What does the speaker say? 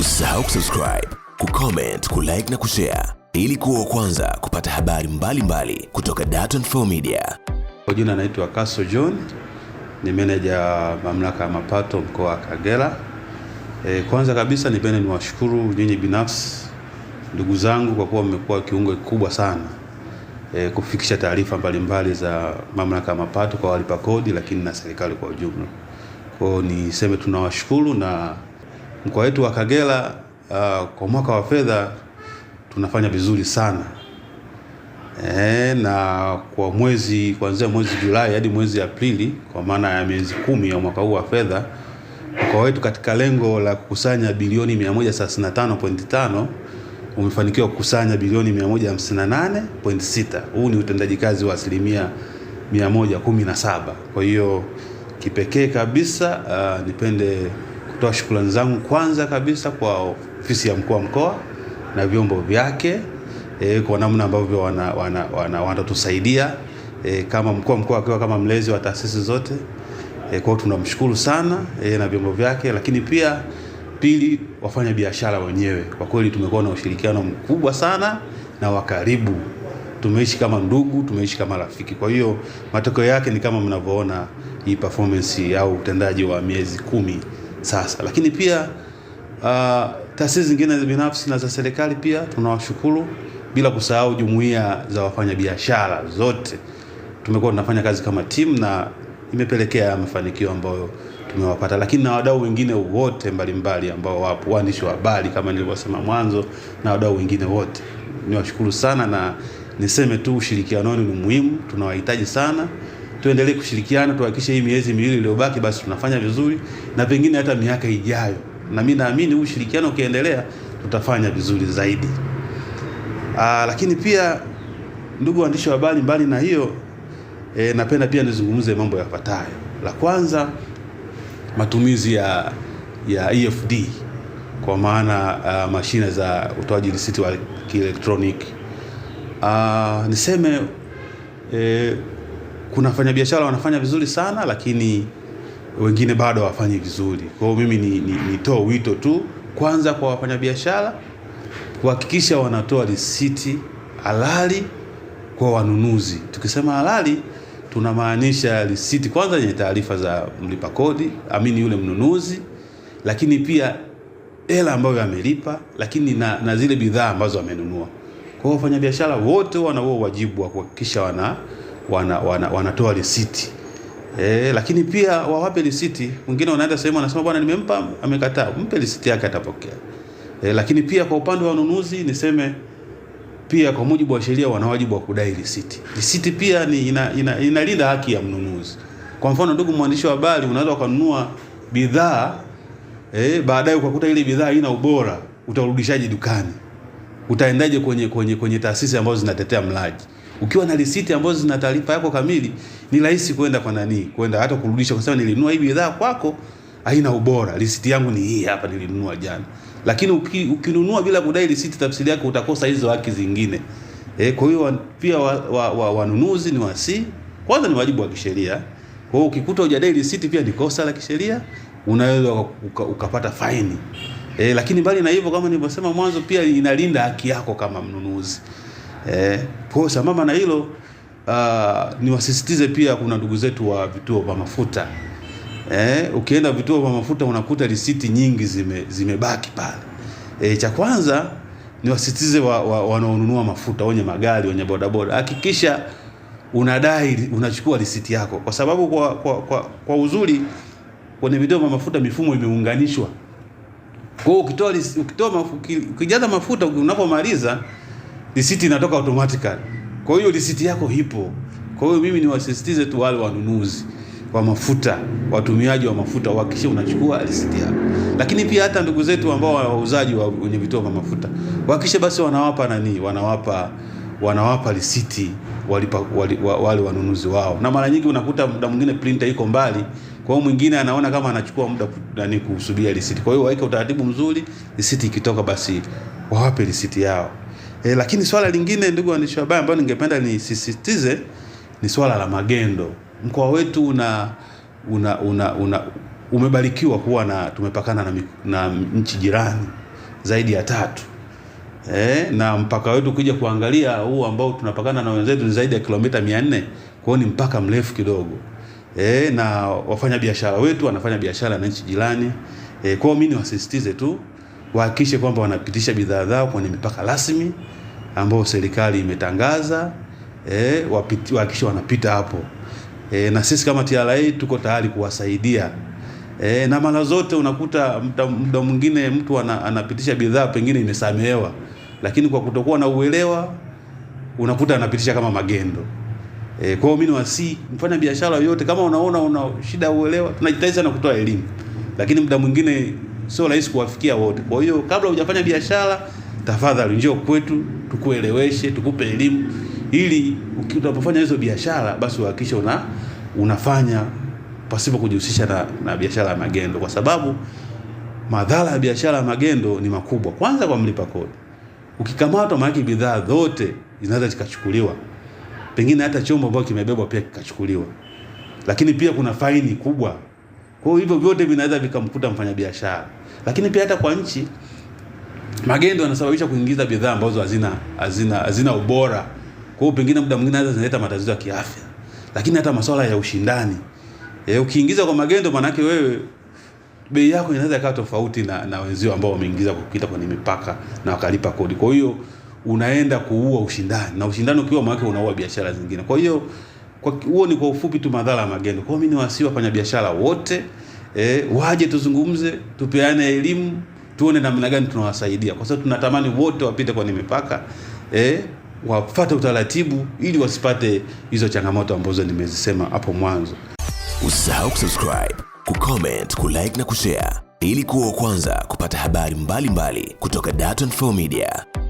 Usisahau kusubscribe, kucomment, kulike na kushare ili kuwa kwanza kupata habari mbalimbali mbali kutoka Dar24 Media. Kwa jina anaitwa Kaso John, ni meneja mamlaka ya mapato mkoa wa Kagera. E, kwanza kabisa nipende niwashukuru nyinyi binafsi ndugu zangu kwa kuwa mmekuwa kiungo kikubwa sana e, kufikisha taarifa mbalimbali za mamlaka ya mapato kwa walipa kodi, lakini na serikali kwa ujumla. Kwao niseme tunawashukuru na Mkoa wetu wa Kagera uh, kwa mwaka wa fedha tunafanya vizuri sana e, na kwa mwezi kuanzia mwezi Julai hadi mwezi Aprili kwa maana ya miezi kumi ya mwaka huu wa fedha mkoa wetu katika lengo la kukusanya bilioni 135.5 umefanikiwa kukusanya bilioni 158.6. Huu ni utendaji kazi wa asilimia 117. Kwa hiyo kipekee kabisa, uh, nipende kutoa shukrani zangu kwanza kabisa kwa ofisi ya mkuu wa mkoa na vyombo vyake e, kwa namna ambavyo wanatusaidia wana, wana, wana e, kama mkuu wa mkoa akiwa kama mlezi wa taasisi zote e, eh, kwao tunamshukuru sana e, na vyombo vyake, lakini pia pili, wafanya biashara wenyewe, kwa kweli tumekuwa na ushirikiano mkubwa sana na wakaribu, tumeishi kama ndugu, tumeishi kama rafiki. Kwa hiyo matokeo yake ni kama mnavyoona hii performance au utendaji wa miezi kumi sasa. Lakini pia uh, taasisi zingine binafsi na za serikali pia tunawashukuru, bila kusahau jumuiya za wafanyabiashara zote. Tumekuwa tunafanya kazi kama timu na imepelekea mafanikio ambayo tumewapata, lakini na wadau wengine wote mbalimbali ambao wapo, waandishi wa habari kama nilivyosema mwanzo, na wadau wengine wote niwashukuru sana, na niseme tu ushirikiano wenu ni muhimu, tunawahitaji sana tuendelee kushirikiana, tuhakikishe hii miezi miwili iliyobaki basi tunafanya vizuri, na pengine hata miaka ijayo, na mimi naamini huu ushirikiano ukiendelea, tutafanya vizuri zaidi. Aa, ah, lakini pia ndugu waandishi wa habari, mbali na hiyo e, napenda pia nizungumze mambo yafuatayo. La kwanza, matumizi ya ya EFD kwa maana uh, mashine za utoaji risiti wa kielektroniki uh, niseme eh, kuna wafanyabiashara wanafanya vizuri sana, lakini wengine bado hawafanyi vizuri. Kwa hiyo mimi ni, ni, wito tu kwanza kwa wafanyabiashara kuhakikisha wanatoa risiti halali kwa wanunuzi. Tukisema halali tunamaanisha risiti kwanza yenye taarifa za mlipa kodi amini yule mnunuzi, lakini pia hela ambayo amelipa, lakini na, na zile bidhaa ambazo amenunua. Kwa hiyo wafanyabiashara wote wanao wajibu wa kuhakikisha wana wana, wana, wanatoa risiti e, lakini pia wawape risiti. Mwingine unaenda sehemu anasema bwana, nimempa amekataa, mpe risiti yake atapokea. E, lakini pia kwa upande wa wanunuzi niseme pia kwa mujibu wa sheria wana wajibu wa kudai risiti. Risiti pia ni inalinda ina, ina haki ya mnunuzi. Kwa mfano, ndugu mwandishi wa habari, unaweza ukanunua bidhaa eh, baadaye ukakuta ile bidhaa haina ubora, utarudishaje dukani? Utaendaje kwenye, kwenye, kwenye taasisi ambazo zinatetea mlaji? ukiwa na risiti ambazo zina taarifa yako kamili, ni rahisi kwenda kwa nani, kwenda hata kurudisha, kwa sababu nilinunua hii bidhaa kwako, haina ubora, risiti yangu ni hii hapa, nilinunua jana. Lakini uki, ukinunua bila kudai risiti, tafsiri yake utakosa hizo haki zingine. eh. kwa hiyo pia wa, wa, wa, wa ni wasi kwanza, ni wajibu wa kisheria. Kwa hiyo ukikuta hujadai risiti, pia ni kosa la kisheria, unaweza uka, ukapata faini. E, lakini mbali na hivyo, kama nilivyosema mwanzo, pia inalinda haki yako kama mnunuzi. Eh, kwa sambamba na hilo uh, niwasisitize pia kuna ndugu zetu wa vituo vya mafuta eh, ukienda vituo vya mafuta unakuta risiti nyingi zime zimebaki pale. Eh, cha kwanza niwasisitize wa, wa, wanaonunua mafuta wenye magari wenye bodaboda, hakikisha unadai unachukua risiti yako, kwa sababu kwa, kwa, kwa, kwa uzuri kwenye vituo vya mafuta mifumo imeunganishwa. Kwa hiyo ukitoa ukitoa ukijaza mafuta unapomaliza risiti inatoka automatically. Kwa hiyo risiti yako ipo Kwa hiyo mimi niwasisitize tu wale wanunuzi wa mafuta, watumiaji wa mafuta uhakikishe unachukua risiti yako. Lakini pia hata ndugu zetu ambao wauzaji wa kwenye vituo vya mafuta uhakikishe basi wanawapa nani, wanawapa wanawapa risiti walipa wale wanunuzi wao, na mara nyingi unakuta muda mwingine printer iko mbali, kwa hiyo mwingine anaona kama anachukua muda nani kusubiria risiti. Kwa hiyo waweke utaratibu mzuri, risiti ikitoka basi wawape risiti yao. E, lakini swala lingine ndugu waandishi wa habari, ambayo ningependa nisisitize ni swala la magendo. Mkoa wetu una, una, una, una umebarikiwa kuwa na tumepakana na, na nchi jirani zaidi ya tatu e, na mpaka wetu ukija kuangalia huu ambao tunapakana na wenzetu ni zaidi ya kilomita 400 kwao ni mpaka mrefu kidogo e, na wafanyabiashara wetu wanafanya biashara na nchi jirani e, kwao mimi niwasisitize tu wahakikishe kwamba wanapitisha bidhaa zao kwenye mipaka rasmi ambayo serikali imetangaza eh, wahakikishe wanapita hapo e, na sisi kama TRA tuko tayari kuwasaidia e, na mara zote unakuta muda mwingine mtu ana, anapitisha bidhaa pengine imesamehewa, lakini kwa kutokuwa na uelewa unakuta anapitisha kama magendo. E, kwa hiyo mimi niwasi mfanya biashara yoyote, kama unaona una shida uelewa, tunajitahidi sana kutoa elimu, lakini muda mwingine sio rahisi kuwafikia wote. Kwa hiyo kabla hujafanya biashara, tafadhali njoo kwetu tukueleweshe, tukupe elimu, ili utakapofanya hizo biashara basi uhakikishe una unafanya pasipo kujihusisha na, na biashara ya magendo, kwa sababu madhara ya biashara ya magendo ni makubwa. Kwanza kwa mlipa kodi, ukikamatwa, maana bidhaa zote zinaweza zikachukuliwa, pengine hata chombo ambacho kimebebwa pia kikachukuliwa, lakini pia kuna faini kubwa. Kwa hiyo hivyo vyote vinaweza vikamkuta mfanyabiashara, lakini pia hata kwa nchi magendo yanasababisha kuingiza bidhaa ambazo hazina hazina hazina ubora. Kwa hiyo pengine muda mwingine hata zinaleta matatizo ya kiafya, lakini hata masuala ya ushindani e, ukiingiza kwa magendo, maanake wewe bei yako inaweza ikawa tofauti na, na wenzio ambao wameingiza kupita kwenye mipaka na wakalipa kodi. Kwa hiyo unaenda kuua ushindani, na ushindani ukiua, maanake unaua biashara zingine. Kwa hiyo huo ni kwa ufupi tu madhara ya magendo. Kwa hiyo mimi niwasihi wafanyabiashara wote eh, waje tuzungumze, tupeane elimu, tuone namna gani tunawasaidia, kwa sababu tunatamani wote wapite kwenye mipaka eh, wafuate utaratibu ili wasipate hizo changamoto ambazo nimezisema hapo mwanzo. Usisahau kusubscribe, kucomment, kulike na kushare ili kuwa wa kwanza kupata habari mbalimbali mbali kutoka Dar24 Media.